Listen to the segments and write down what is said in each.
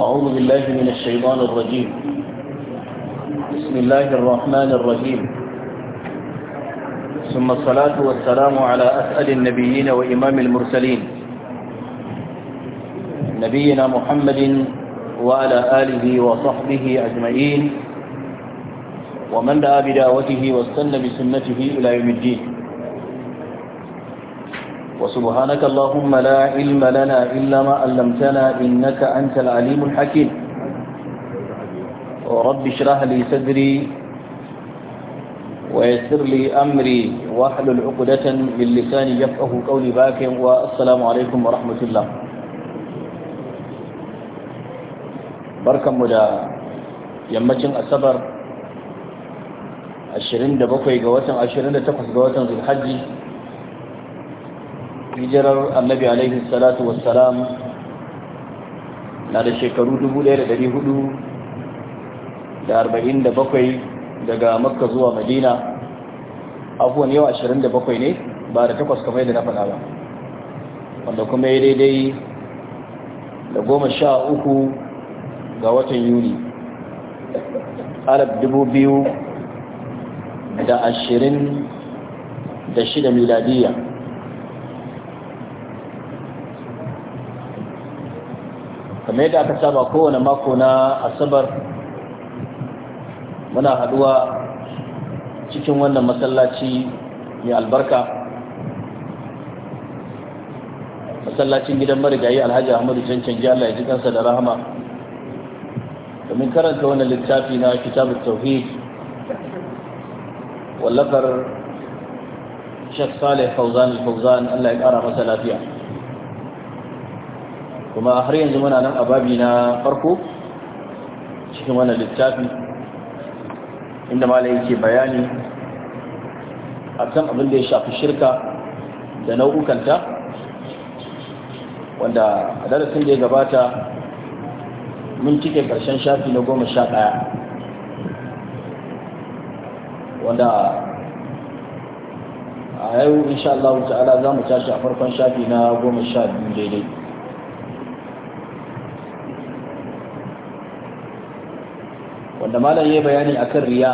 أعوذ بالله من الشيطان الرجيم بسم الله الرحمن الرحيم ثم الصلاة والسلام على أسأل النبيين وإمام المرسلين نبينا محمد وعلى آله وصحبه أجمعين ومن دعا بدعوته واستنى بسنته إلى يوم الدين وسبحانك اللهم لا علم لنا إلا ما علمتنا إنك أنت العليم الحكيم رب اشرح لي صدري ويسر لي أمري واحلل عقدة من لساني يفقه قولي باكم والسلام عليكم ورحمة الله بركة مدى يمجن السبر 27 ga watan 28 ga watan Zulhajji hijirar annabi alaihi salatu wassalam na da shekaru 1447 daga makka zuwa madina abuwan yau 27 ne ba da takwas kamar yadda na faɗa ba wanda kuma ya daidai da goma sha uku ga watan yuni arab dubu biyu da ashirin da shida miladiyya kamar yadda aka saba kowane mako na asabar muna haduwa cikin wannan masallaci mai albarka masallacin gidan marigayi alhaji ahmadu cancan jala ya ji kansa da rahama domin karanta wannan littafi na kitabun tauhid wallafar shek salih fauzan fauzan allah ya kara masa lafiya kuma har yanzu muna nan a babi na farko cikin wannan littafi inda malai yake bayani a kan abin da ya shafi shirka da nau'ukanta wanda a darasin da ya gabata mun cike karshen shafi na goma sha ɗaya wanda a yau insha Allah ta'ala za mu tashi a farkon shafi na goma sha biyu daidai wanda malam ya bayani akan riya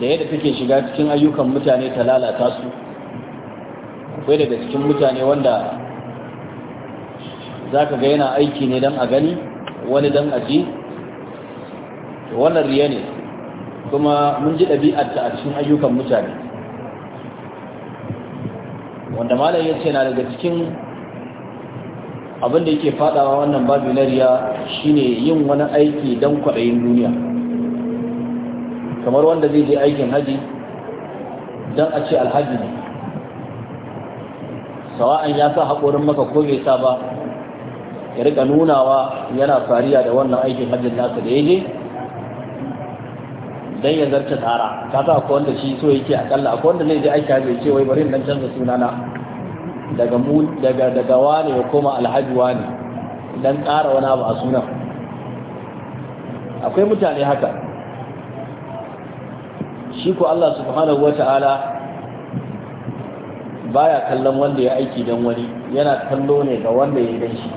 da yadda take shiga cikin ayyukan mutane ta lalata su akwai daga cikin mutane wanda za ka ga yana aiki ne don a gani wani don a ji wannan riya ne kuma mun ji ɗabi'arta a cikin ayyukan mutane wanda malam ya ce na daga cikin abin da yake fadawa wannan babu na riya shine yin wani aiki don kwaɗayin duniya kamar wanda zai je aikin haji don a ce alhaji ne sawa'an ya sa haƙorin maka ko bai sa ba ya rika nunawa yana fariya da wannan aikin hajjin nasa da ya je don ya zarce tsara ka sa akwai wanda shi so yake akalla akwai wanda zai je aiki haji ce wai bari nan canza sunana daga mu daga daga wani ya koma alhaji wani dan ƙara wani abu a sunan akwai mutane haka shi ko Allah subhanahu wata'ala baya kallon wanda ya aiki dan wani yana kallo ne ga wanda ya yi shi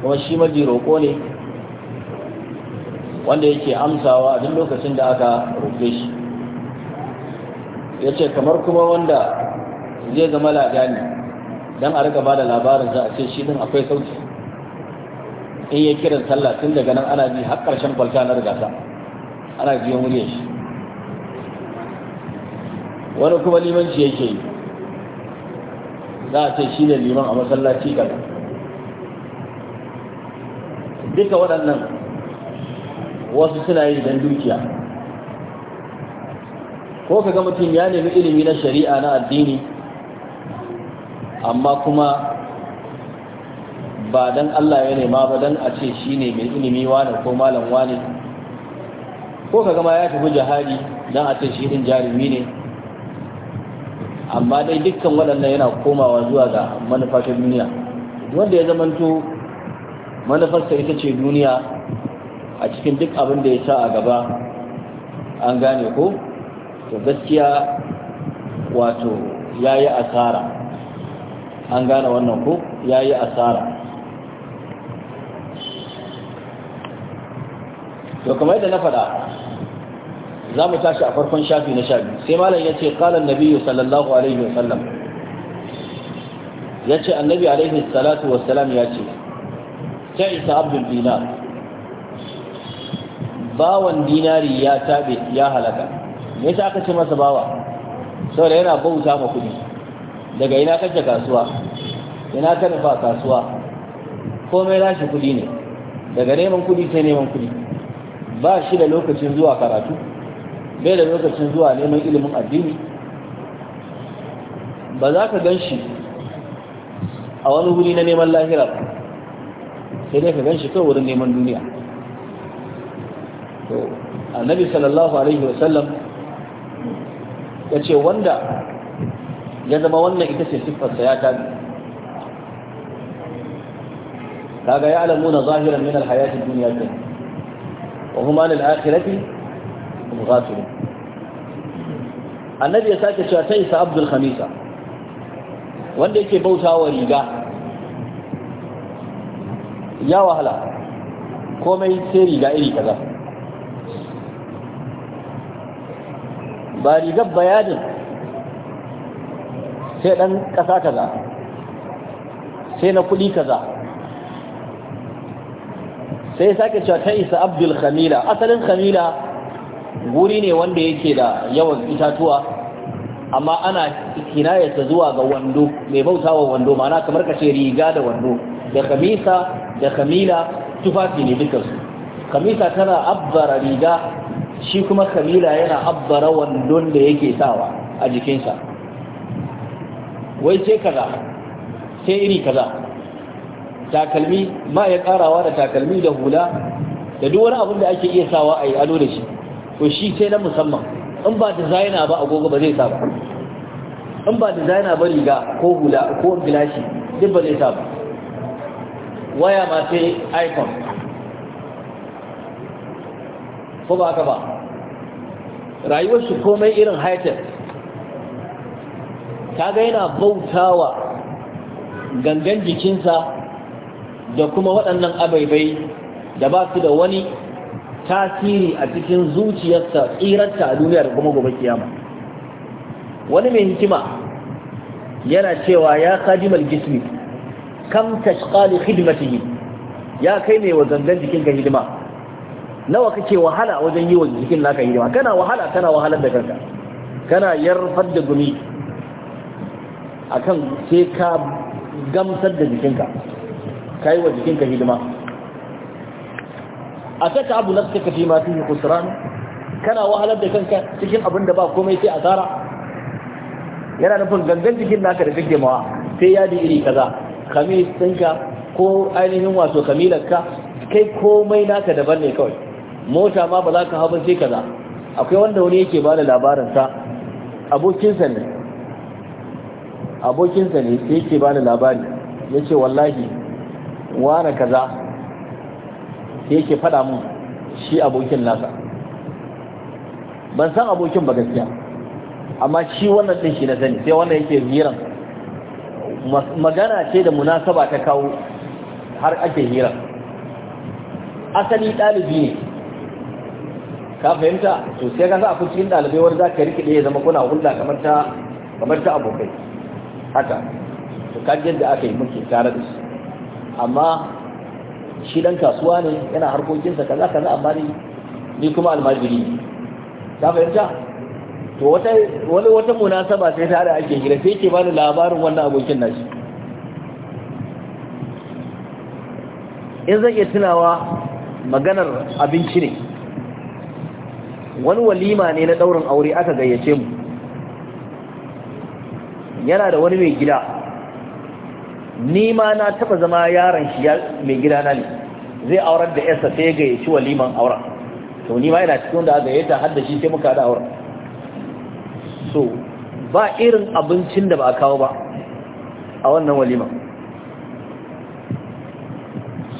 kuma shi maji roƙo ne wanda yake amsawa a duk lokacin da aka roƙe shi ya ce kamar kuma wanda zai zama ladani don a rika ba da labarin za a ce shi din akwai sauki in ya kiran sallah tun daga nan ana bi har ƙarshen kwalta na rigasa ana biyan muryar shi wani kuma limanci yake yi za a ce shi ne liman a masallaci kaza duka waɗannan wasu suna yi don dukiya ko ka ga mutum ya nemi ilimi na shari'a na addini amma kuma ba dan Allah ya nema ba dan a ce shi ne mai ilimi wane ko malam wane ko ka ma ya tafi jihadi dan a ce shi din jarumi ne amma dai dukkan waɗannan yana komawa zuwa ga manufa duniya wanda ya zamanto manufarsa ita ce duniya a cikin duk abin da ya sa a gaba an gane ko to gaskiya wato ya yi asara an gane wannan ko ya yi asara to kamar yadda na faɗa za mu tashi a farkon shafi na shafi sai malam ya ce kalan nabi sallallahu alaihi wasallam ya ce annabi alaihi salatu wasalam ya ce ta isa abdul dinar bawan dinari ya tabe ya halaka me yasa aka ce masa bawa saboda yana bauta ma kuɗi daga ina kake kasuwa ina ka nufa kasuwa komai lashe kuɗi ne daga neman kuɗi sai neman kuɗi ba shi da lokacin zuwa karatu bai da lokacin zuwa neman ilimin addini ba za ka gan shi a wani wuri na neman lahira ba sai dai ka gan shi kawai wurin neman duniya to annabi sallallahu alaihi wasallam ya ce wanda ya zama wannan ita ce siffarsa ya tabi kaga ya alamuna zahiran min alhayatin duniya ke wa huma lil akhirati mughafilun annabi ya sake cewa ta isa abdul khamisa wanda yake bautawa riga ya wahala komai sai riga iri kaza ba rigar bayanin sai ɗan ƙasa kaza sai na kuɗi kaza sai sake cewa ta isa abdul khamila asalin khamila guri ne wanda yake da yawan itatuwa amma ana kinayarsa zuwa ga wando mai bautawa wando mana kamar kace riga da wando da kamisa da kamila tufafi ne dukansu kamisa tana abbara riga shi kuma kabila yana abbara wandon da yake sawa a jikinsa wai ce kaza sai iri kaza takalmi ma ya karawa da takalmi da hula da duk wani abin da ake iya sawa a yi ado da shi to shi sai na musamman in ba designer ba agogo ba zai sa ba in ba designer ba riga ko hula ko gilashi duk ba zai sa ba waya ma sai iphone ko ba ka ba rayuwarsu komai irin haitar ga yana bautawa gangan jikinsa da kuma waɗannan abaibai da ba su da wani tasiri a cikin zuciyarsa tsirarta a duniya da kuma gobe kiyama wani mai hikima yana cewa ya khadimal gismi kam tashqa li ya kai mai wa gangan jikinka hidima nawa kake wahala wajen yi wa jikin naka hidima kana wahala kana wahalar da kanka kana yarfar da gumi akan sai ka gamsar da jikinka ka yi wa jikinka hidima a saka abu nafsa ka fi ma fi kusuran kana wahalar da kanka cikin abin da ba komai sai asara yana nufin gangan jikin naka da kake mawa sai yadi iri kaza kamis ɗinka ko ainihin wato kamilarka kai komai naka daban ne kawai mota ma ba za ka hau ba sai kaza akwai wanda wani yake ba da labarin sa abokinsa ne abokinsa ne sai yake ba da labari ya ce wallahi wane kaza sai yake faɗa mun shi abokin nasa ban san abokin ba gaskiya amma shi wannan ɗin shi na sani sai wannan yake hiran magana ce da munasaba ta kawo har ake hiran asali ɗalibi ne ka fahimta to sai ka za a cikin ɗalibai wani za ka rikide ya zama kuna hulɗa kamar ta kamar ta abokai haka to ka yadda aka yi muke tare da su amma shi dan kasuwa ne yana harkokinsa ka za ka za amma ni ni kuma almajiri ka fahimta to wata wani wata munasaba sai tare ake gida sai ke bani labarin wannan abokin nashi in zan iya tunawa maganar abinci ne wani walima ne na daurin aure aka gayyace mu yana da wani mai gida ni ma na taba zama yaron shi mai gida na ne zai aurar da yarsa sai gayyaci waliman auren to ni ma yana cikin da aka gayyata har da shi sai muka da auren so ba irin abincin da ba a kawo ba a wannan waliman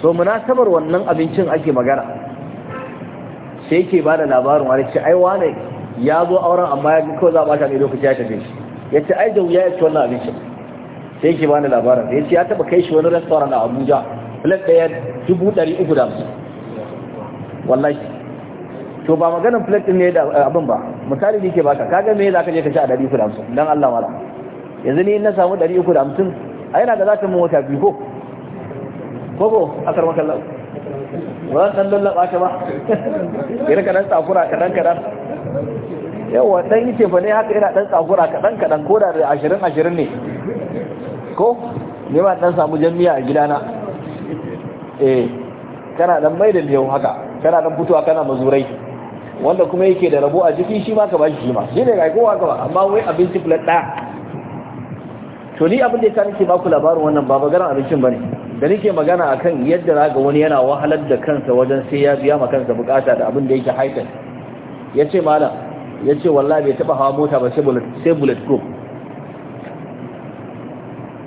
so munasabar wannan abincin ake magana sai yake ba da labarin wani ce ai wane ya zo auren amma ya kawai za a bata ne lokaci ya tafi ya ce ai da wuya ya ci wannan abincin sai yake ba da labarin ya ce ya taba kai shi wani restoran a abuja filan ɗaya dubu ɗari uku da hamsin wallahi to ba maganin filan ɗin ne da eh, abin ba misali ne ke baka kaga me za ka je ka ci a ɗari uku da hamsin don allah mala yanzu ni na samu ɗari uku da hamsin a yana da za ta mu wata biyu ko ko a karmakon lau ba zan dan lallaba ta ba ya rika dan tsakura kadan kadan yawa dan yake fa ne haka ina dan tsakura kadan kadan ko da ashirin ashirin ne ko ne ma dan samu jami'a a gidana eh kana dan mai da yau haka kana dan fitowa kana mazurai wanda kuma yake da rabo a jiki shi ma ka ba shi ma shi ne ga kowa ga amma wai abinci plate ɗaya to ni abin da ya sa nake baku labarin wannan ba maganar abincin bane da nake magana akan yadda zaga wani yana wahalar da kansa wajen sai ya biya ma kansa bukata da abin da yake haifar yace malam yace wallahi bai taba hawa mota ba sai bullet sai bullet proof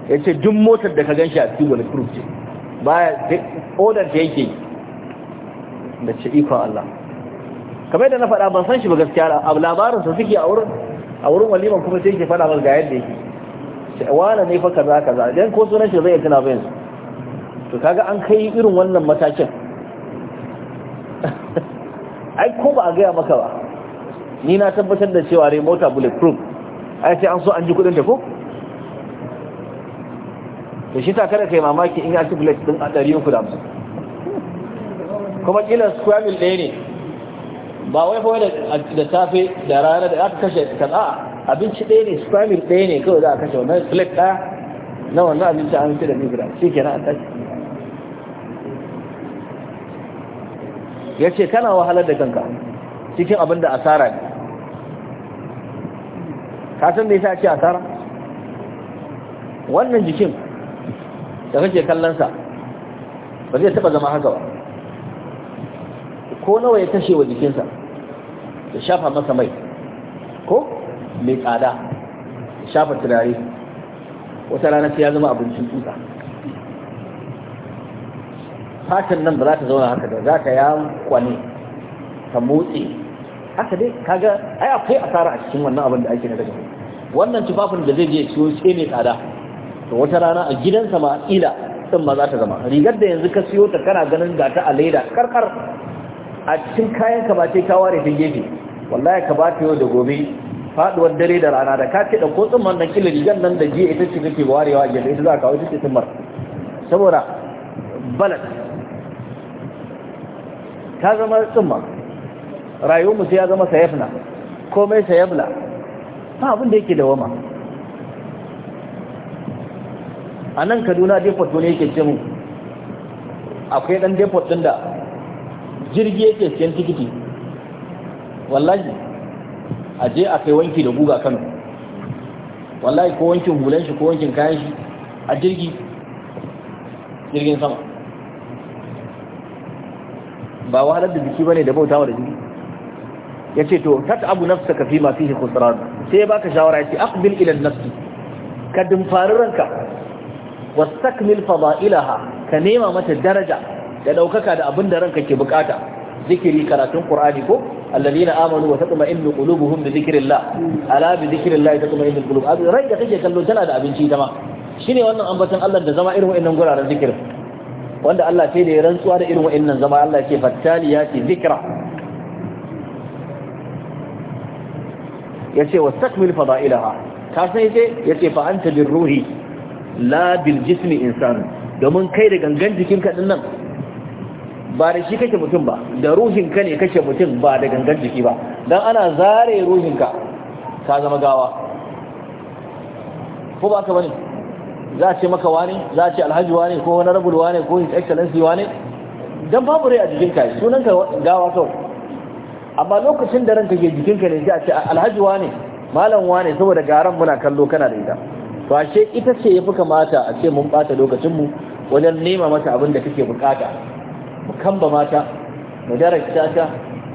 yace duk motar da ka ganshi a cikin bullet proof ce baya order da yake da ce iko Allah kamar da na faɗa ban san shi ba gaskiya a labarin sa suke a wurin a wurin waliman kuma sai yake faɗa masa ga yadda yake wala ne fa kaza kaza dan ko sunan shi zai tana yanzu. to kaga an kai irin wannan matakin ai ko ba a gaya maka ba ni na tabbatar da cewa mota bulletproof ai sai an so an ji kudin ta ko to shi ta kada kai mamaki in ya ci bullet din a 350 kuma kila square mil ɗaya ne ba wai fa da safe da rana da aka kashe kan a abinci ɗaya ne square mil ɗaya ne kawai za a kashe wannan plate ɗaya na wannan abinci an fi da ni guda shi kenan an tashi ya ce kana wahalar da kanka cikin abin da asara ne kasan da ya sa ce asara wannan jikin da kake kallonsa ba zai taba zama haka ba ko nawa ya kashe wa jikinsa ya shafa masa mai ko mai tsada ya shafa turare wata rana sai ya zama abincin tsutsa fatan nan ba za ta zauna haka da za ta ya kwane ta motsi haka dai kaga ai akwai asara a cikin wannan abin da ake na daga wannan tufafin da zai je su sai ne tsada to wata rana a gidansa ma ila din ma za ta zama rigar da yanzu ka siyo ta kana ganin ga ta a leda karkar a cikin kayan ka ba ka ware ta gefe wallahi ka ba ta yau da gobe faduwar dare da rana da ka ce da ko tsumman nan kila rigar nan da jiya ita ce kake warewa a gefe ita za ka kawo ita ce tsummar saboda balas ta zama tsumma rayuwar musu ya zama sayafna komai sayafla ta abin da yake wama a nan kaduna depot wani yake cin mu akwai dan depot din da jirgi yake siyan tikiti wallahi a je a kai wanki da guga kano wallahi ko wankin hulan shi ko wankin kayan shi a jirgi jirgin sama ba wahalar da jiki bane da bautawa da jiki yace to tat abu nafsaka fi ma fihi khusran sai baka shawara yace aqbil ila an-nafs ka dumfari ranka wastakmil fada'ilaha ka nema mata daraja da daukaka da abin da ranka ke bukata zikiri karatun qur'ani ko alladhina amanu wa tatma'innu qulubuhum bi dhikrillah ala bi dhikrillah tatma'innu qulub rai da kake kallo tana da abinci dama shine wannan ambaton Allah da zama irin wa'annan guraren zikirin wanda Allah sai da ya rantsuwa da irin wa'annan zama Allah ce fattali ya ce zikra ya ce wa takmil fada'ilaha ka san yace yace fa anta bir ruhi la bil jismi insan domin kai da gangan jikin ka dinnan ba da shi kake mutum ba da ruhin ka ne kake mutum ba da gangan jiki ba dan ana zare ruhin ka ka zama gawa ko ba ka bane za a ce maka wane za a ce alhaji wane ko wani rabul wane ko his excellency wane don babu rai a jikin ka sunan ka gawa kau amma lokacin da ranka ke jikin ka ne sai a ce alhaji wane malam wane saboda garan muna kallo kana da ita to ashe ita ce yafi kamata a ce mun bata lokacin mu wajen nema mata abin da kake bukata mu kamba mata mu darajta ta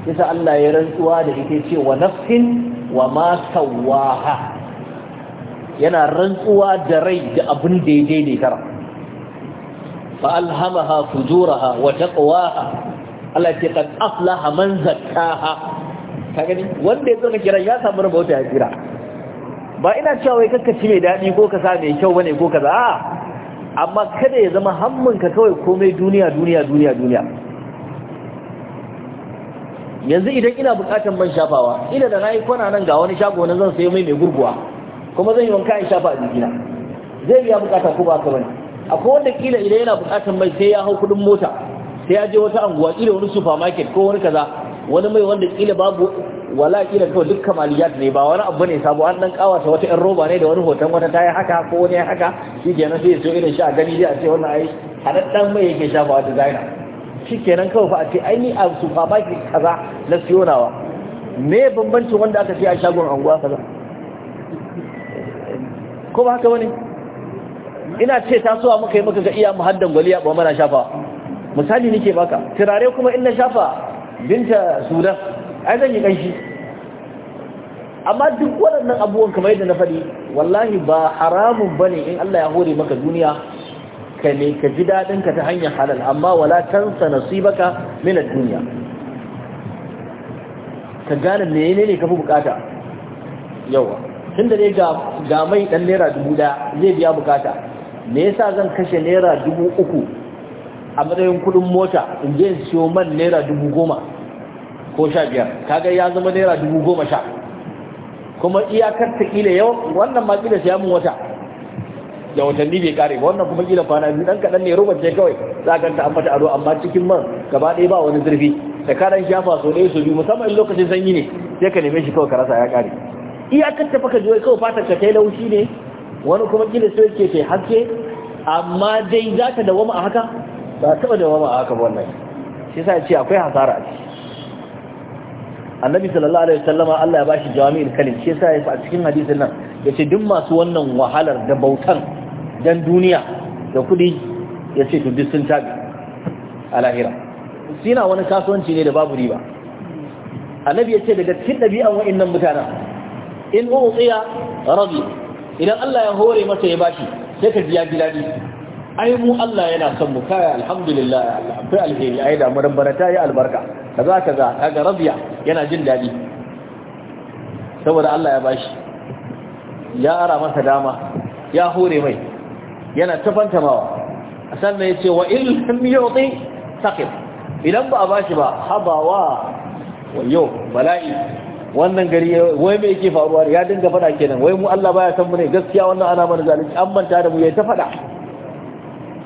kisa Allah ya rantsuwa da ita ce wa nafsin wa ma sawaha yana rantsuwa da rai da abin da ya daidaita fa alhamaha fujuraha wa taqwaha Allah ce aflaha man zakkaha ka gani wanda ya zama kira ya samu rabauta ya kira ba ina cewa wai ci mai dadi ko ka sa mai kyau bane ko kaza a amma kada ya zama hammin ka kawai komai duniya duniya duniya duniya yanzu idan ina bukatan man shafawa ina da nayi kwana nan ga wani shago nan zan sayo mai mai gurguwa kuma zan yi wanka in shafa a jikina zai biya bukata ko ba ka bane akwai wanda kila idan yana bukatan mai sai ya hau kudin mota sai ya je wata anguwa kila wani supermarket ko wani kaza wani mai wanda kila babu wala kila kawai duk kamaliyat ne ba wani abu ne sabo an dan kawata wata yan roba ne da wani hoton wata yi haka ko wani haka shi kenan sai so irin shi a gani zai a ce wannan ai hadaddan mai yake shafa a zaina shi kenan kawai fa a ce ai ni a supermarket kaza na siyonawa me bambancin wanda aka ce a shagon anguwa kaza ko ba haka bane ina ce tasowa muka yi muka ga iya muhaddan gwaliya ba mana shafa misali nake baka turare kuma in na shafa binta sudan ai zan yi kanshi amma duk waɗannan abubuwan kamar yadda na faɗi wallahi ba haramun bane in Allah ya hore maka duniya ka ne ka ji daɗin ka ta hanyar halal amma wala tansa nasibaka min ad-dunya ka gane menene kafi bukata yawa tun da ne ga mai ɗan naira dubu ɗaya zai biya bukata me yasa zan kashe naira dubu uku a matsayin kuɗin mota in je in siyo man naira dubu goma ko sha biyar kaga ya zama naira dubu goma sha kuma iyakar ta kila yau wannan ma kila siya mun wata da watanni bai kare ba wannan kuma kila kwana biyu dan kaɗan ne robar ce kawai za ka ta ambata ado amma cikin man gaba ɗaya ba wani zurfi da karan shafa so ɗaya so biyu musamman lokacin sanyi ne sai ka neme shi kawai ka rasa ya kare iyakar ta ka jiwai kawai fatar ka kai laushi ne wani kuma gina sai ke kai haske amma dai za ta dawama a haka ba a taɓa dawama a haka wannan shi sa ce akwai hasara ce annabi sallallahu alaihi wasallama Allah ya bashi jami'in kalim shi sa ya a cikin hadisin nan yace duk masu wannan wahalar da bautan dan duniya da kudi yace to duk sun tabi a lahira sina wani kasuwanci ne da babu riba annabi yace daga cikin dabi'an wa'annan mutanen in utsiya rabi idan Allah ya hore masa ya bashi sai ka ji ya ji dadi ai mu Allah yana son mu kaya alhamdulillah Allah akwai alheri ai da murin barata ya albarka kaza kaza kaga rabiya yana jin dadi saboda Allah ya bashi ya ara masa dama ya hore mai yana tafantamawa sannan yace wa in lam yuti saqif idan ba a bashi ba habawa wayo bala'i wannan gari wai me yake faruwa ya dinga fada kenan wai mu Allah baya san mu ne gaskiya wannan ana mana zalunci an manta da mu yayi ta fada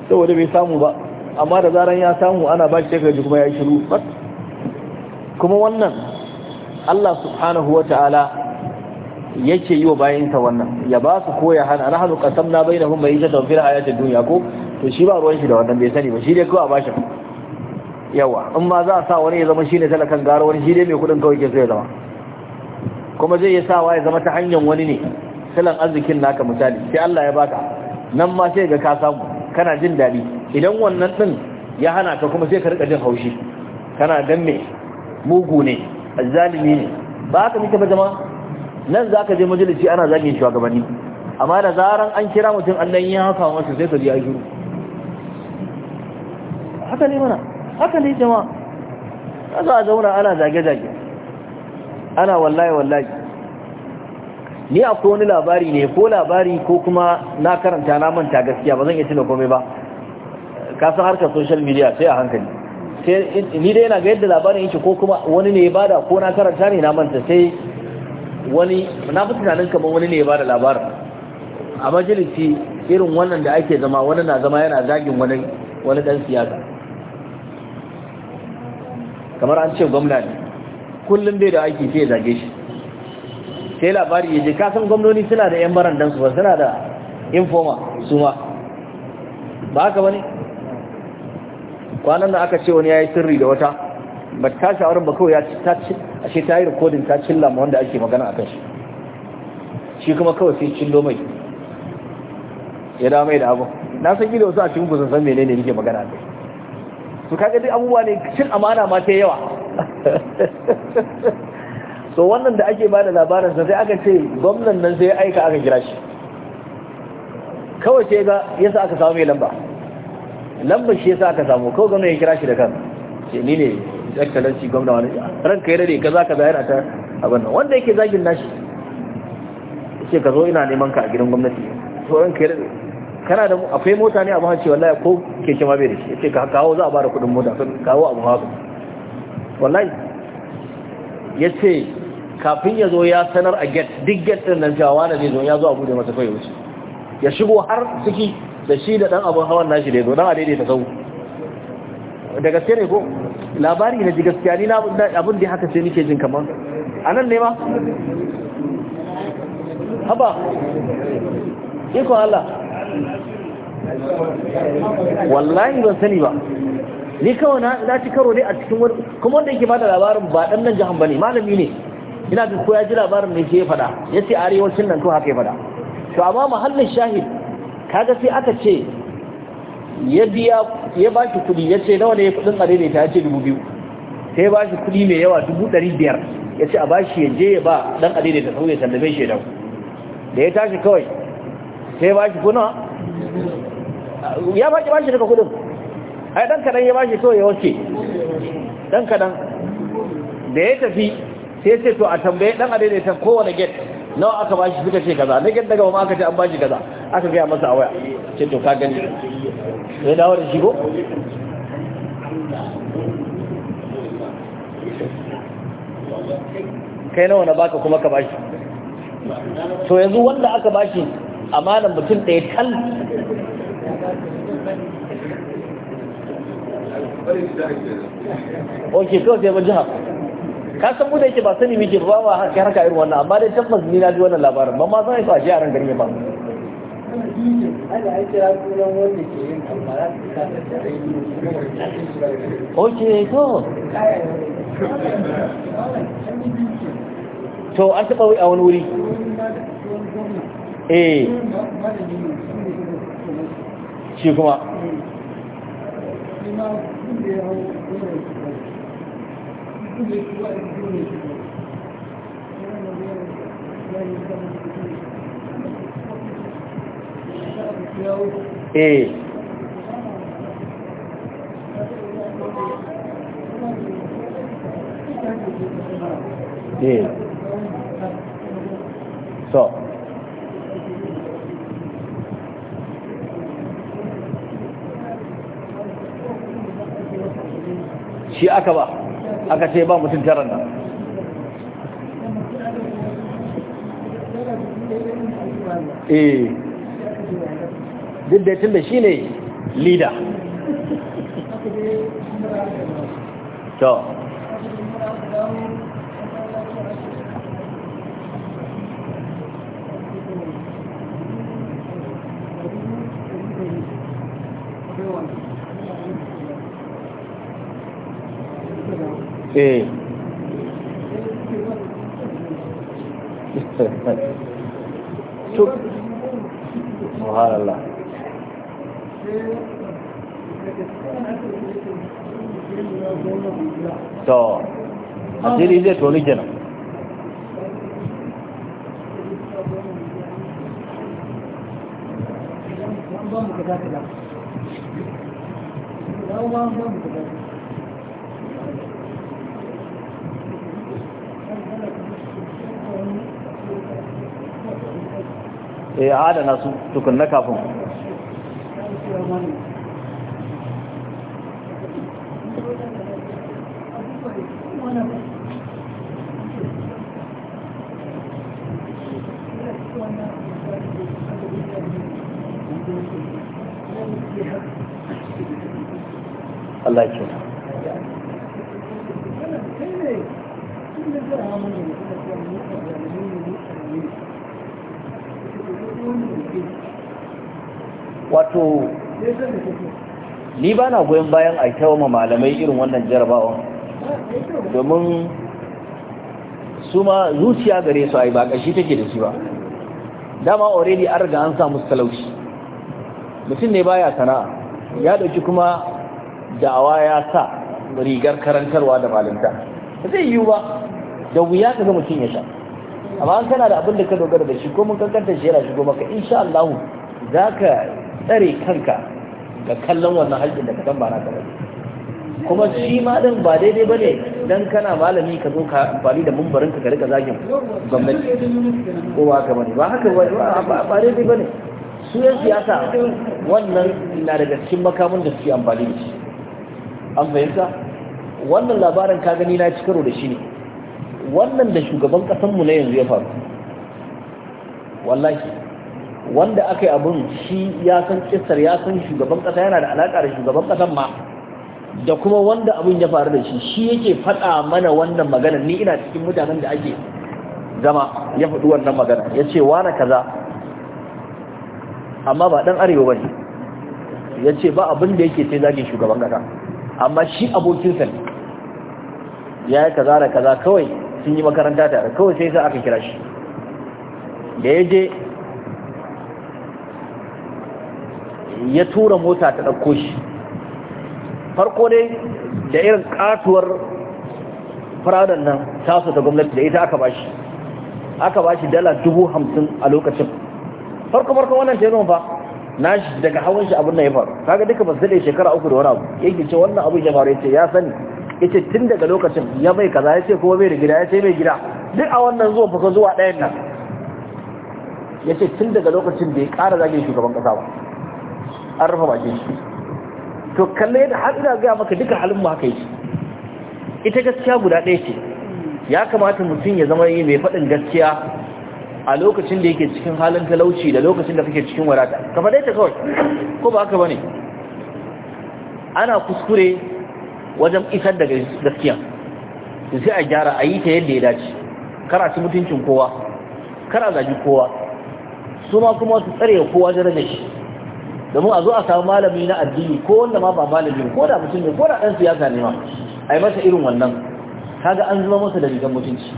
saboda bai samu ba amma da zaran ya samu ana ba shi shekaru kuma ya shiru kuma wannan Allah subhanahu wataala yake yi wa sa wannan ya ba su koya hana nahnu qasamna bainahum ma'ishatan fil hayatid dunya ko to shi ba ruwan shi da wannan bai sani ba shi dai kawai a bashi yawa in ma za a sa wani ya zama shine talakan gara wani shi dai mai kudin kawai ke so ya zama kuma zai iya sawa ya zama ta hanyar wani ne silan arzikin naka misali sai Allah ya baka nan ma sai ga ka samu kana jin daɗi idan wannan ɗin ya hana ka kuma sai ka riƙa jin haushi kana dan me mugu ne azzalimi ne ba ka mika ba jama nan za ka je majalisi ana zagin shugabanni amma da zaran an kira mutum an dan yi haka masa sai ka ji ai shiru haka ne mana haka ne jama'a za a zauna ana zage-zage ana wallahi wallahi ni akwai wani labari ne ko labari ko kuma na karanta na manta gaskiya ba zan iya tuna komai ba ka san harkar social media sai a hankali sai ni dai yana ga yadda labarin yake ko kuma wani ne ya bada ko na karanta ne na manta sai wani na fi tunanin kamar wani ne ya bada labarin a majalisi irin wannan da ake zama wani na zama yana zagin wani wani dan siyasa kamar an ce gwamna ne kullum dai da aiki sai ya zage shi sai labari ya je kasan gwamnoni suna da yan barandan su ba suna da informa su ma ba haka bane kwanan da aka ce wani ya yi sirri da wata ba ta shawarar ba kawai ya ta ci ashe ta yi rikodin ta cilla lamu wanda ake magana a shi shi kuma kawai sai cillo mai ya dawo mai da abu na san gida wasu a cikin kusan san menene nake magana akai to kaga duk abubuwa ne cin amana ma ta yawa so wannan da ake ba da labarinsa sai aka ce gwamnan nan sai aika aka kira shi kawai sai ga yasa aka samu mai lamba lamba shi yasa aka samu kawai gwamnan ya kira shi da kan ce ni ne excellency gwamna wani ran kai rare ka za ka zayar a ta abin nan wanda yake zagin nashi ce ka zo ina neman ka a gidan gwamnati to ran kai rare kana da akwai mota ne a bahan wallahi ko keke ma bai da shi ce ka kawo za a bada kudin mota kawo abu ma wallahi ya ce kafin ya zo ya sanar a get duk get ɗin nan jawa na zai zo ya zo a bude masa kai wuce ya shigo har ciki da shi da ɗan abun hawan nashi da ya zo ɗan a ta sau da gaske ne ko labari na ji gaskiya ni abun da haka sai nike jin kamar a nan ne ma haba iko Allah wallahi ban sani ba ni kawai na na ci karo dai a cikin wani kuma wanda yake bada labarin ba dan nan jahan bane malami ne ina jin ko ya ji labarin ne ke fada yace arewacin nan to haka ya fada to amma mahallin shahid kaga sai aka ce ya biya ya ba shi kudi ya ce nawa ne kudin adaidaita ya ce dubu biyu sai ba shi kudi mai yawa dubu ɗari biyar ya ce a ba shi ya je ya ba ɗan adaidaita sau sauye sallame shi dau da ya tashi kawai sai ba shi kuna ya ba shi ba shi daga kudin ai dan kadan ya bashi so ya wace dan kadan da ya tafi sai sai to a tambaye dan adaidaita kowane gate nawa aka bashi suka ce kaza na gate daga ma aka ce an bashi kaza aka ga masa a waya ce to ka gani sai dawo da shigo kai nawa na baka kuma ka bashi to yanzu wanda aka bashi amanan mutum ɗaya kan ok to sai ba jiha ka san mu da yake ba sani muke ba ba haka harka irin wannan amma dai tabbas ni na ji wannan labarin ba ma san su a yaran gari ba ok to to an taɓa a wani wuri eh shi kuma eh eh so shi aka ba aka ce ba mutum tara nan eh duk da tun da shi ne leader to eh a to zai tori kenan Thank you. eh a adana su tukunna kafin Allah ya ce wato ni ba na goyon bayan a ma malamai irin wannan jarrabawar, domin su ma zuciya gare su ai ba kashi take da shi ba dama already an riga an samu talauci mutum ne baya sana'a ya dauki kuma da'awa ya sa rigar karantarwa da malinta ba zai yiwu ba da wuya ka ga mutum ya sha amma an kana da abin da ka dogara da shi ko mun kankanta shi yana shigo maka insha Allah za ka tsare kanka ga kallon wannan haƙƙin da ka san ba na ka bane kuma shi ma din ba daidai ba ne don kana malami ka zo ka amfani da mumbarin ka rika zagin gwamnati ko ba ka bane ba haka ba daidai ba ne su yan siyasa wannan na daga cikin makamun da suke amfani da shi an fahimta wannan labarin ka gani na ci karo da shi ne wannan da shugaban kasanmu na yanzu ya faru wallahi wanda aka yi abin shi ya san kisar ya san shugaban kasa yana da alaƙa da shugaban kasan ma da kuma wanda abin ya faru da shi shi yake faɗa mana wannan magana ni ina cikin mutanen da ake zama ya faɗi wannan magana ya ce wane kaza amma ba ɗan arewa ba ne ya ce ba abin da yake sai zagin shugaban kasa amma shi abokinsa ne ya yi kaza da kaza kawai sun yi makaranta tare kawai sai sa aka kira shi da ya je ya tura mota ta ɗauko shi farko dai da irin ƙatuwar faradar nan tasu ta gwamnati da ita aka bashi aka bashi dala dubu hamsin a lokacin farko farko wannan tezon fa na shi daga hawan shi abin da ya faru kaga duka ba su daɗe shekara uku da wani abu yake ce wannan abin ya faru ya ce ya sani ya ce tun daga lokacin ya mai kaza ya ce kuma bai da gida ya ce mai gida duk a wannan zuwa fuka zuwa ɗayan nan ya ce tun daga lokacin bai ƙara zagin shugaban ƙasa ba an rufe bakin shi to kalle yadda har ina gaya maka duka halin mu haka yi ita gaskiya guda ɗaya ce ya kamata mutum ya zama yi mai faɗin gaskiya a lokacin da yake cikin halin talauci da lokacin da kake cikin wadata ka faɗe ta kawai ko ba haka ba ne ana kuskure wajen isar da gaskiya sai a gyara a yi ta yadda ya dace kara ci mutuncin kowa kara zagi kowa su ma kuma su tsare kowa rage shi domin a zo a samu malami na addini ko wanda ma ba malami ko da mutum ne ko da dan siyasa ne ma Ai masa irin wannan kaga an zama masa da rigar mutunci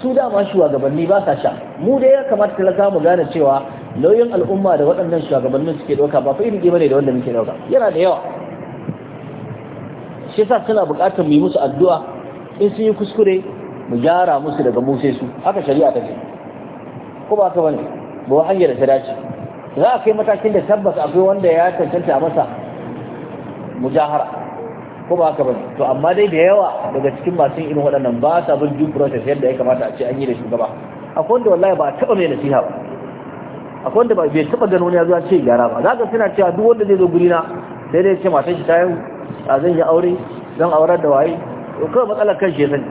su da ma shugabanni ba sa sha mu da ya kamata talaka mu gane cewa nauyin al'umma da waɗannan shugabannin suke dauka ba fa iri ɗaya bane da wanda muke ɗauka yana da yawa shi yasa suna buƙatar mu yi musu addu'a in sun yi kuskure mu gyara musu daga mu su haka shari'a ta ce ko ba ka bane ba hanyar da ta dace za a kai matakin da tabbas akwai wanda ya cancanta masa mujahara ko ba haka ba to amma dai da yawa daga cikin masu irin waɗannan ba sa bin due process yadda ya kamata a ce an yi da shugaba akwai wanda wallahi ba a taɓa mai nasiha ba akwai wanda bai taɓa gano wani ya zo ce gyara ba za ka suna cewa duk wanda zai zo guri na sai dai ce matan shi ta yi a zan yi aure zan aurar da waye to kawai matsalar kan shi ya sani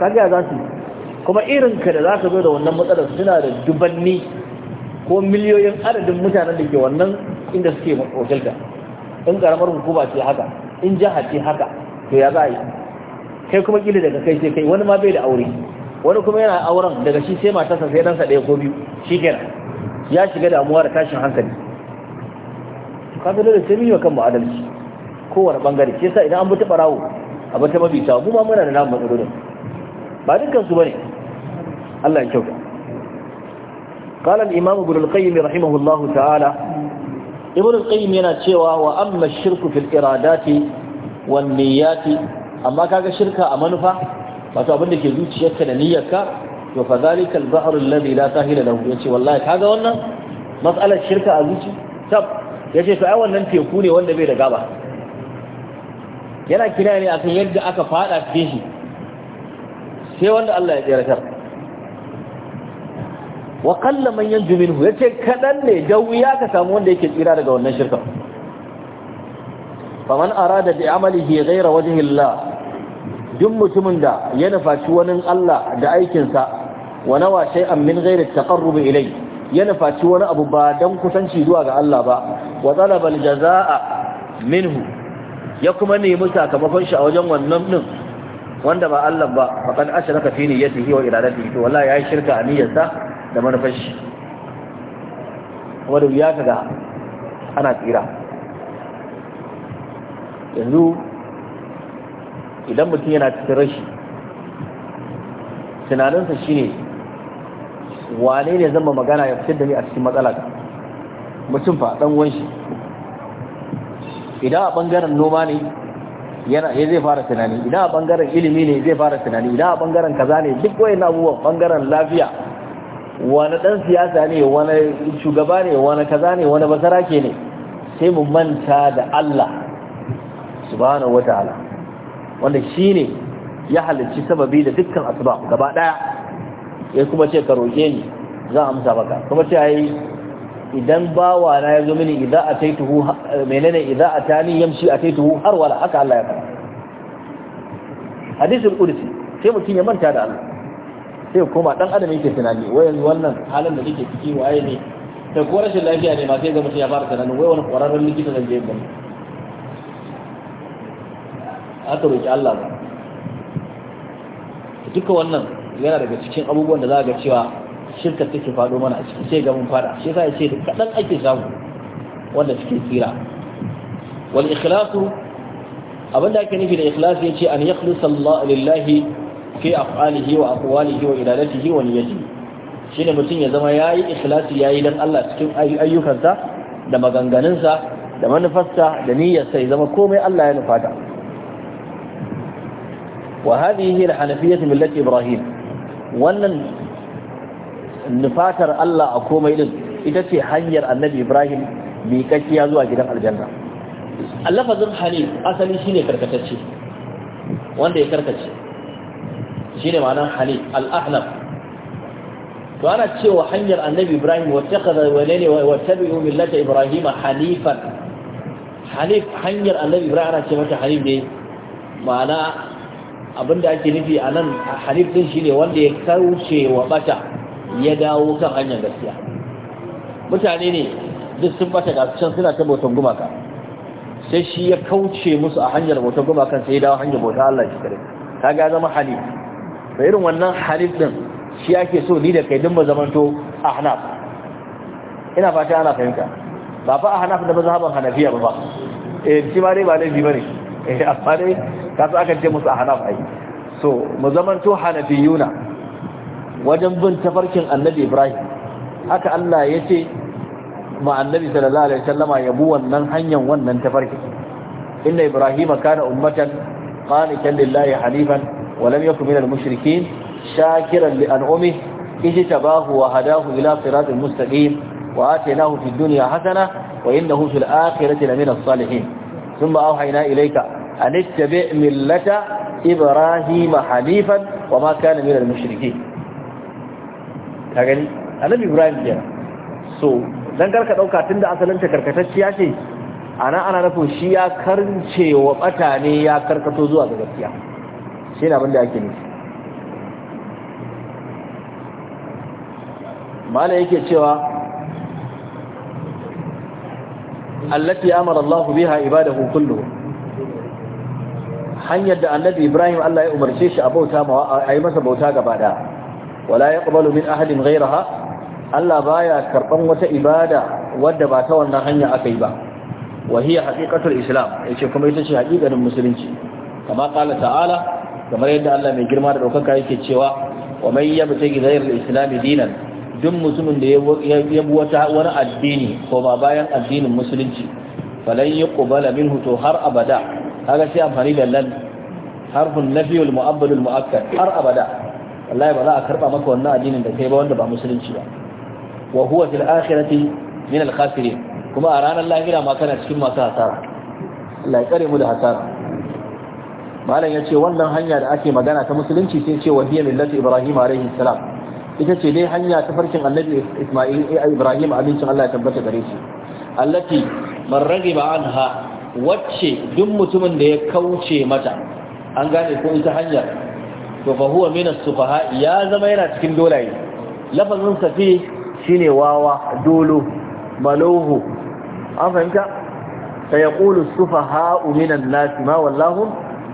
kaga ya za su kuma ka da za ka zo da wannan matsalar suna da dubanni ko miliyoyin adadin mutanen da ke wannan inda suke wakilta in karamar hukuma ce haka in jiha ce haka to ya za a yi kai kuma kila daga kai sai kai wani ma bai da aure wani kuma yana auren daga shi sai matarsa sai ɗansa ɗaya ko biyu shi kenan ya shiga damuwa da tashin hankali kaga dole sai wa kan adalci kowane bangare shi yasa idan an bi ta barawo a bata mabita mu ma muna da namu matsalolin ba dukkan su bane Allah ya kyauta قال الإمام ابن القيم رحمه الله تعالى ابن القيم يناتشوا وأما الشرك في الإرادات والنيات أما كاك شركة أمنفة فتعبد لك يزيد شكا نيكا وفذلك البحر الذي لا ساهل له يتشي والله كاك وانا مسألة شركة أزيد تب يتشي فأولا أنت يكوني وانا بيدا قابا yana kira ne akan yadda aka fada cikin shi sai wanda Allah ya tsiratar wa manyan man yanju minhu yace kadan ne da wuya ka samu wanda yake tsira daga wannan shirka faman arada bi amalihi ghayra wajhi Allah duk mutumin da ya nufaci wani Allah da aikin sa wa nawa shay'an min ghayri taqarrub ilay ya nufaci wani abu ba dan kusanci zuwa ga Allah ba wa talaba a minhu ya kuma nemi sakamakon shi a wajen wannan din wanda ba Allah ba faqad ashraka fi niyyatihi wa iradatihi to wallahi ya shirka a da manufashi kuma da wuya ta ga ana tsira yanzu idan mutum yana cikin rashi tunaninsa shine wane ne zama magana ya fitar da ni a cikin matsala mutum fa dan wanshi idan a bangaren noma ne yana ya zai fara tunani idan a bangaren ilimi ne zai fara tunani idan a bangaren kaza ne duk wayan abubuwan bangaren lafiya wani dan siyasa ne wani shugaba ne wani kaza ne wani basarake ne sai mu manta da Allah subhanahu wataala wanda shi ne ya halarci sababi da dukkan asuba gaba daya ya kuma ce ka roke ni za a amsa maka kuma ce ai idan bawa na ya zo mini idza ataituhu menene idza atani yamshi ataituhu har wala haka Allah ya fara hadisin qudsi sai mutum ya manta da Allah sai koma dan adam yake tunani wai yanzu wannan halin da nake ciki waye ne da ko rashin lafiya ne ma sai ga mutum ya fara tunanin wai wani kwararren likita zan je gani aka roki Allah ba duka wannan yana daga cikin abubuwan da za ga cewa shirka take faɗo mana a cikin sai ga mun fada shi yasa yace duk kadan ake samu wanda suke tsira wal ikhlasu abinda ake nufi da ikhlasi yace an yakhlisa Allah lillahi fi af'alihi wa aqwalihi wa ilalatihi wa niyyatihi shine mutum ya zama yayi ikhlasi yayi dan Allah cikin ayyukansa da maganganunsa da manufarsa da niyyarsa ya zama komai Allah ya nufata wa hadhihi al-hanafiyyah millati ibrahim wannan nufatar Allah a komai din ita ce hanyar annabi ibrahim bi kakkiya zuwa gidan aljanna lafazin hanif asali shine karkatacce wanda ya karkace shi ne ma'anar halif al'ahlaf to ana cewa hanyar annabi ibrahim wata kaza wane ne wata biyu millata ibrahim Halifar halif hanyar annabi ibrahim ana ce mata halif ne ma'ana abinda ake nufi a nan halif din shi ne wanda ya kauce wa bata ya dawo kan hanyar gaskiya mutane ne duk sun bata ga can suna ta bautan gumaka sai shi ya kauce musu a hanyar bautan gumakan sai ya dawo hanyar bautan Allah shi kare ga zama halif da irin wannan hanif din shi ake so ni da kai din zamanto ahnaf ina fata ana fahimta ba fa ahnaf da mazhaban hanafiya ba ba eh shi ma dai ba laifi bane eh amma dai kasu aka ce musu ahnaf ai so mu zamanto hanafiyuna wajen bin tafarkin annabi ibrahim haka Allah ya ce ma annabi sallallahu alaihi wasallama yabu wannan hanyar wannan tafarkin inna ibrahima kana ummatan qanitan lillahi hanifan ولم يكن من المشركين شاكرا لأنعمه اجتباه وهداه إلى صراط المستقيم وآتيناه في الدنيا حسنة وإنه في الآخرة لمن الصالحين ثم أوحينا إليك أن اتبع ملة إبراهيم حنيفا وما كان من المشركين kagani annabi ibrahim kenan so dan karka dauka tunda asalin ta karkatacciya ce ana ana nufin shi ya karnce wa batane ya karkato zuwa ga gaskiya shi ne abin da ake nufi mana yake cewa allati amara Allah biha ibadahu kullu hanyar da annabi Ibrahim Allah ya umarce shi a bauta a yi masa bauta gaba da wala yaqbalu min ahadin ghayraha Allah baya karɓar wata ibada wadda ba ta wannan hanya aka yi ba wa hiya haqiqatul islam ce kuma ita ce haƙiƙanin musulunci kama ƙala ta'ala kamar yadda Allah mai girma da ɗaukaka yake cewa wa mai yabi ta gizayar islami dinan duk mutumin da ya bi wata wani addini ko ba bayan addinin musulunci falan yi ƙubala min har abada Haka sai amfani da lan harfin nafiyul mu'abbalul mu'akkad har abada wallahi ba za a karba maka wannan addinin da kai ba wanda ba musulunci ba wa huwa fil akhirati min al khasirin kuma a ranar lahira ma kana cikin masu hasara Allah ya kare mu da hasara malam ya ce wannan hanya da ake magana ta musulunci sai ce wahiyar millati ibrahim alaihi salam ita ce dai hanya ta farkin annabi isma'il eh, ibrahim Amincin Allah ya tabbata gare shi allati man ragiba anha wacce duk mutumin da ya kauce mata an gane ko ita hanyar to fa huwa min as-sufaha ya zama yana cikin dolaye lafazin safi shine wawa dolo maluhu an fahimta sayaqulu as-sufaha minan nas ma wallahu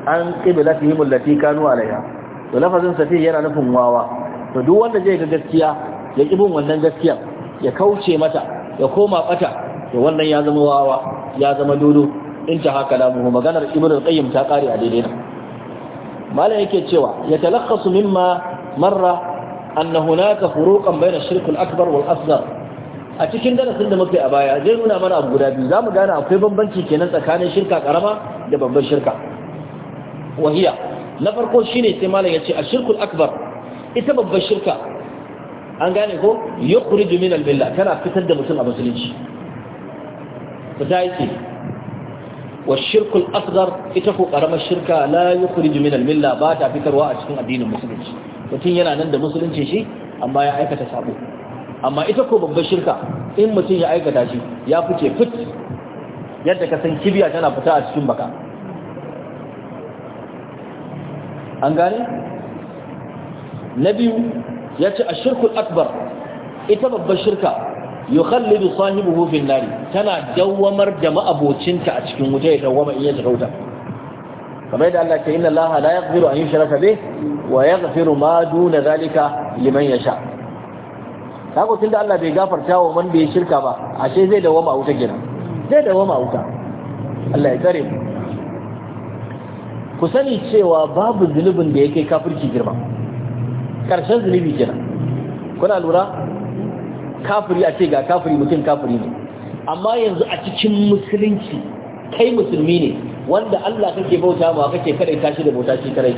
an yi allati kanu alaiha to lafazin safih yana nufin wawa to duk wanda zai ga gaskiya ya kibin wannan gaskiyar, ya kauce mata ya koma bata to wannan ya zama wawa ya zama dodo in ta haka lamuhu maganar ibnu qayyim ta kare a daidai nan malam yake cewa ya talakhasu mimma marra anna hunaka furuqan bayna ash akbar wal asghar a cikin darasin da muke a baya zai nuna mana abu guda biyu zamu gane akwai bambanci kenan tsakanin shirka karama da babban shirka wahiya na farko shine sai malam yace ashirkul akbar ita babbar shirka an gane ko yukhriju min al-billah tana fitar da mutum a musulunci fita yake wa shirkul asghar ita ko karamar shirka la yukhriju min al-milla ba ta fitarwa a cikin addinin musulunci mutum yana nan da musulunci shi amma ya aikata sabo amma ita ko babbar shirka in mutum ya aikata shi ya fice fit yadda ka san kibiya tana fita a cikin baka an gane na biyu ya ce a shirkul akbar ita babbar shirka yukhallidu sahibuhu fil nari tana dawwamar da ma'abocinta a cikin wuta ya dawwama in ya shiga kamar yadda Allah ke yi inna Allah la yaghfiru an yushraka bih wa yaghfiru ma duna zalika liman ya yasha kago tunda Allah bai gafarta wa wanda ya shirka ba ashe zai dawwama a wuta kenan zai dawwama a wuta Allah ya tsare mu ku sani cewa babu zunubin da yake kafirci girma karshen zunubi kenan kuna lura kafiri a ce ga kafiri mutum kafiri ne amma yanzu a cikin musulunci kai musulmi ne wanda Allah kake bauta ma kake kadai tashi da bauta shi kadai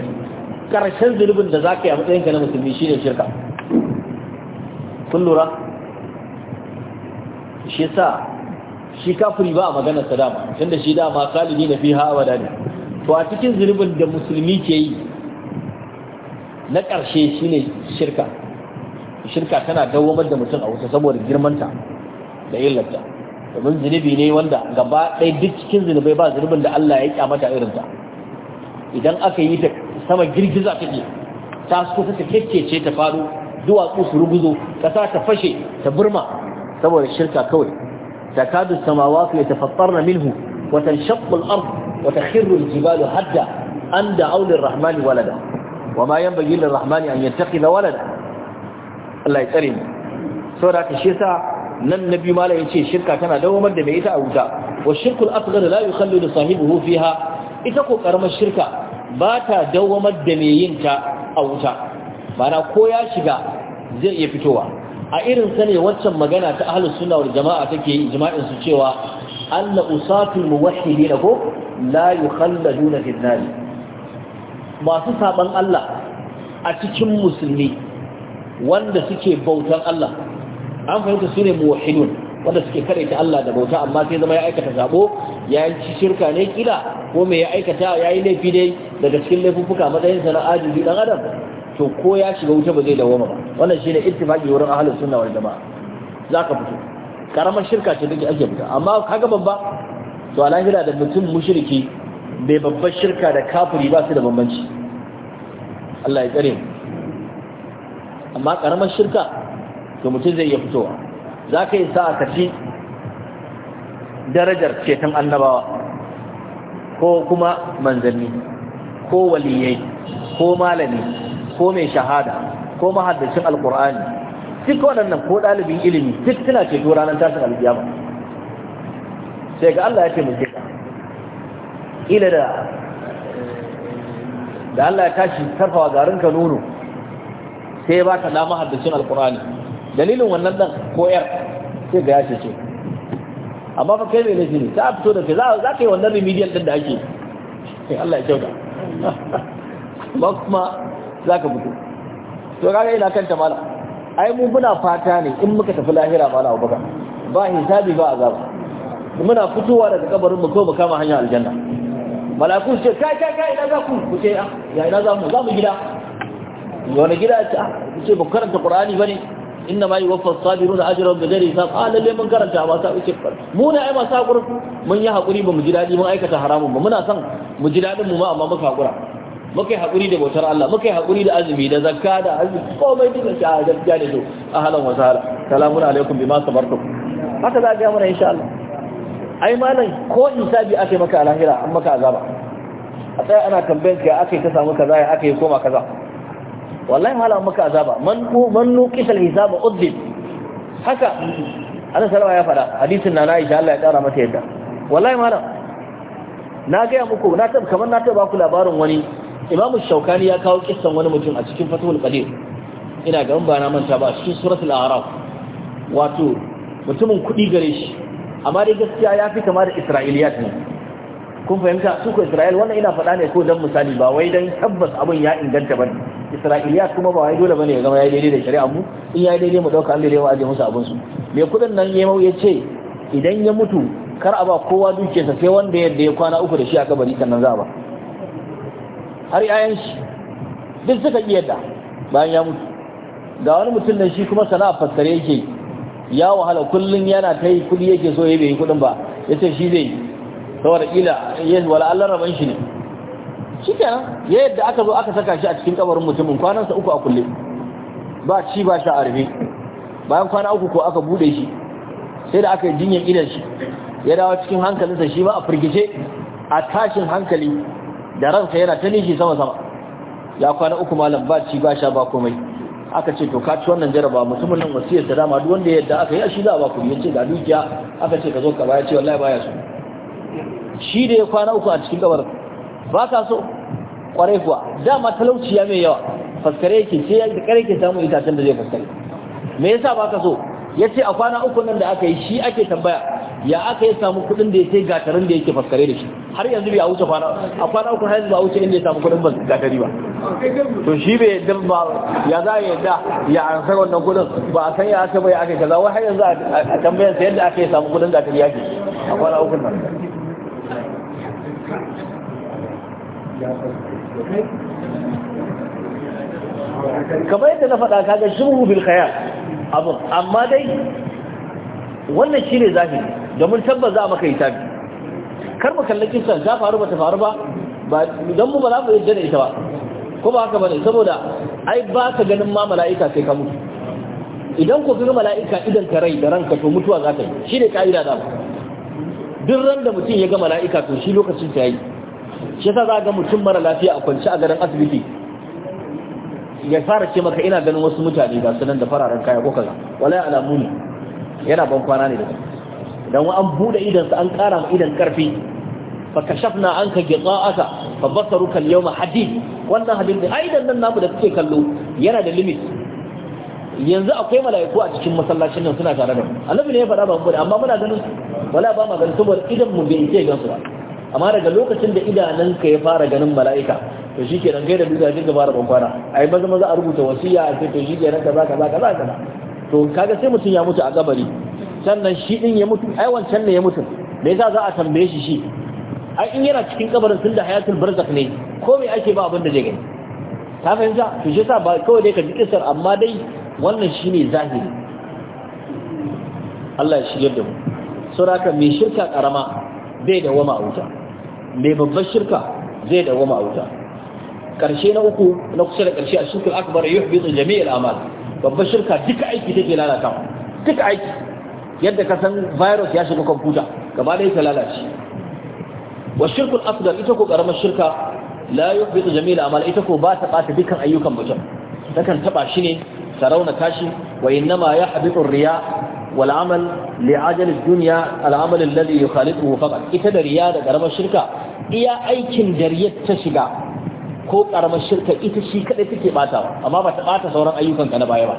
karshen zunubin da zaka yi a matsayin ka na musulmi shine shirka kun lura shi sa shi kafiri ba a maganar sadama tunda shi dama kalibi na fiha abada ne to a cikin zunubin da musulmi ke yi na ƙarshe shine shirka shirka tana dawamar da mutum a wuta saboda girmanta da illarta domin zunubi ne wanda gaba ɗaya duk cikin zunubai ba zunubin da Allah ya kyamata irinta idan aka yi ta sama girgiza take ta su ta kekkece ta faru duwatsu su ruguzo ƙasa ta fashe ta burma saboda shirka kawai takadu samawati yatafattarna minhu wa tanshaqqu al-ardh وتخر الجبال هدا أن دعوا للرحمن ولدا وما ينبغي للرحمن أن يتخذ ولدا الله يسلم سورة الشيسة nan nabi mala yace shirka tana dawamar da mai ita a wuta wa shirkul asghar la yukhallu sahibihi fiha ita ko karamar shirka ba ta dawamar da mai yin ta a wuta bana ko ya shiga zai iya fitowa a irin sane waccan magana ta ahlus sunna wal jama'a take ijma'in su cewa alla usatul muwahhidin ko la yukhalladuna fi nar masu saban Allah a cikin musulmi wanda suke bautan Allah an fahimta sune muwahhidun wanda suke karaita Allah da bauta amma sai zama ya aikata zabo ya yanci shirka ne kila ko mai ya aikata ya yi laifi ne daga cikin laifuffuka matsayin sa na ajizi dan adam to ko ya shiga wuta ba zai dawoma ba wannan shine ittifaqi wurin ahlus sunna wal jamaa zaka fito karamar shirka ce duk ake fita amma kaga babba to a lahira da mutum mushriki bai babbar shirka da kafiri ba su da bambanci Allah ya tsare amma karamar shirka to mutum zai iya fitowa za ka yi sa'a ka darajar ceton annabawa ko kuma manzanni ko waliyai ko malami ko mai shahada ko mahaddacin alkur'ani duk waɗannan ko ɗalibin ilimi duk suna ceto ranar tashin alƙiyama sai ga Allah ya ce mun kika ila da da Allah ya tashi tarfawa garin ka nono sai ba ka dama haddacin alƙurani dalilin wannan ko koyar sai ga ya ce ce amma fa kai mai laifi ne ta fito da kai za ka yi wannan remedial ɗin da ake sai Allah ya kyauta ba kuma za ka fito to kaga ina kanta malam. ai mu muna fata ne in muka tafi lahira ba na abubakar ba hisabi ba azaba muna fitowa daga kabarin mu ko mu kama hanyar aljanna malaku ce kai kai kai ina za ku ku ce ah, ya ina za mu za mu gida wani gida ta ah, ce ba karanta qur'ani bane inna ma yuwaffa as-sabiruna ajrahum bighairi hisab ah lalle mun karanta ba ta uce mu ne ai ma sa mun yi hakuri ba mu ji dadi mun aikata haramun ba muna son mu ji dadin mu ma amma muka hakura muka yi haƙuri da bautar Allah muka yi haƙuri da azumi da zakka da azumi komai duka shi a gaskiya ne to ahlan wa sahlan salamun alaikum bima sabartum haka za a gaya mana insha Allah ai malam ko hisabi ake maka alahira an maka azaba a tsaya ana tambayar ka aka yi ta samu kaza ya aka yi koma kaza wallahi malam maka azaba man ku man nuqisa alhisaba udhib haka Allah sallama ya faɗa hadisin na Aisha Allah ya ƙara mata yadda wallahi malam na gaya muku na tab kamar na taba ku labarin wani imam shaukani ya kawo kissan wani mutum a cikin fatul qadir ina ga ba manta ba a cikin suratul a'raf wato mutumin kudi gare shi amma dai gaskiya ya fi kama da isra'iliyat ne kun fahimta su ko isra'il wannan ina faɗa ne ko dan misali ba wai dan tabbas abin ya inganta ba isra'iliyat kuma ba wai dole bane ya gama ya daidai da shari'a mu in ya daidai mu dauka Allah ya wa aje musu abin su me kudin nan yemo ya ce idan ya mutu kar a ba kowa dukiyarsa sai wanda yadda ya kwana uku da shi a kabari nan za ba har 'ya'yan shi duk suka iya da bayan ya mutu ga wani mutum da shi kuma sana'a fassare yake ya wahala kullum yana ta yi kudi yake so ya bai yi kudin ba ya ce shi zai saboda ila ya wala Allah raban shi ne shi ya yadda aka zo aka saka shi a cikin kabarin mutumin sa uku a kulle ba ci ba sha arfi bayan kwana uku ko aka bude shi sai da aka yi jinyar idan shi ya dawo cikin hankalinsa shi ma a firgice a tashin hankali da ransa yana ta nishi sama sama ya kwana uku malam ba ci ba sha ba komai aka ce to ka ci wannan jaraba mutumin nan wasiyar ta dama duk wanda ya yadda aka yi shi za a ba Ya ce ga dukiya aka ce ka zo ka baya ce wallahi baya so shi da ya kwana uku a cikin kabar ba ka so kwarai kuwa dama talauciya mai yawa faskare yake sai ya kare ke samu itacen da zai faskare me yasa ba ka so yace a kwana uku nan da aka yi shi ake tambaya ya aka yi samu kudin da ya sai gatarin da yake faskare da shi har yanzu bai a wuce kwana a kwana uku har yanzu ba a wuce inda ya samu kudin gatari ba to shi bai yadda ba ya za ya yadda ya an wannan kudin ba a san ya aka bai aka kaza wai har yanzu a tambayar sa yadda aka yi samu kudin gatari yake a kwana uku nan kamar yadda na faɗa kaga mu bil khayal abu amma dai wannan shi ne zahiri domin tabbas za maka bi kar mu kalli kisa ta faru ba ta faru ba don mu ba za mu yadda da ita ba ko ba haka ba ne saboda ai ba ka ganin ma mala'ika sai ka mutu idan ku ga mala'ika idan ka rai da ranka to mutuwa za ta yi shi ne ka'ida da duk ran da mutum ya ga mala'ika to shi lokacin ta yi shi yasa za ga mutum mara lafiya a kwance a garin asibiti ya fara ce maka ina ganin wasu mutane ga sunan da fararen kaya ko kaza wallahi alamu ne yana ban kwana ne da su idan an bude idan sa an kara ma idan karfi fa kashafna anka ghita'aka fa basaruka al-yawma hadid wannan hadin da aidan nan namu da kake kallo yana da limit yanzu akwai mala'iku a cikin masallacin nan suna tare da mu annabi ne ya faɗa ba mu da amma muna ganin wala ba ma ganin saboda idan mu bai ce gansu ba amma daga lokacin da idananka ya fara ganin mala'ika to shikenan kai da duka jinka fara ban kwana ai maza maza a rubuta wasiya a ce to shikenan kaza kaza kaza kaza to kaga sai mutum ya mutu a kabari sannan shi din ya mutu ai wancan ne ya mutu me yasa za a tambaye shi shi ai in yana cikin kabarin tunda hayatul barzakh ne ko me ake ba abin da zai gani ta fahimta to shi yasa ba kawai dai ka ji kisar amma dai wannan shine zahiri Allah ya shigar da mu saboda mai shirka karama bai da wama wuta mai babbar shirka zai da wama wuta karshe na uku na kusa da karshe a shirkul akbar yuhbitu jami'il amal babbar shirka duka aiki take lalatawa duka aiki yadda ka san virus ya shiga kwamfuta gaba ɗaya ta lalace wa shirkun asgar ita ko karamar shirka la yuhbitu jami'il amal ita ko ba ta bata dukkan ayyukan mutum takan taɓa shi ne ta raunata shi nama ya yahbitu riya wal amal li ajali dunya al amal alladhi yukhaliquhu faqat ita da riya da karamar shirka iya aikin da ta shiga ko karamar shirka ita shi kadai take batawa amma ba ta bata sauran ayyukan ka na baya ba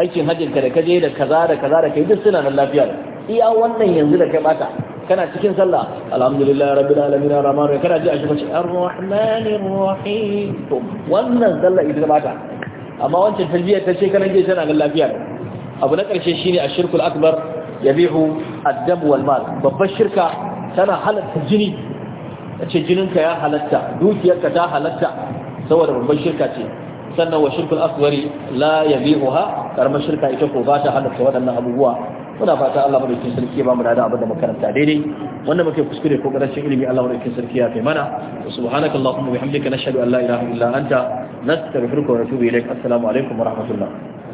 aikin hajjin ka da kaje da kaza da kaza da kai duk suna nan lafiya iya wannan yanzu da kai bata kana cikin sallah alhamdulillah rabbil alamin arrahman kana ji a shi bace arrahmanir rahim wannan sallah ita bata amma wancan talbiya ta ce kana je tana nan lafiya abu na karshe shine ashirkul akbar yabihu ad-dam wal mal babbar shirka tana halatta jini a ce jininka ya halatta dukiyarka ta halatta saboda babban shirka ce sannan wa shirkul aswari la yabihuha karamar shirka ita ko ba ta halatta waɗannan abubuwa muna fata Allah madaukakin sarki ya mu da abin da makaranta daidai wanda muke kuskure ko karancin ilimi Allah madaukakin sarki ya kai mana subhanaka allahumma bihamdika nashhadu an la ilaha illa anta nastaghfiruka wa natubu ilaik assalamu alaikum wa rahmatullah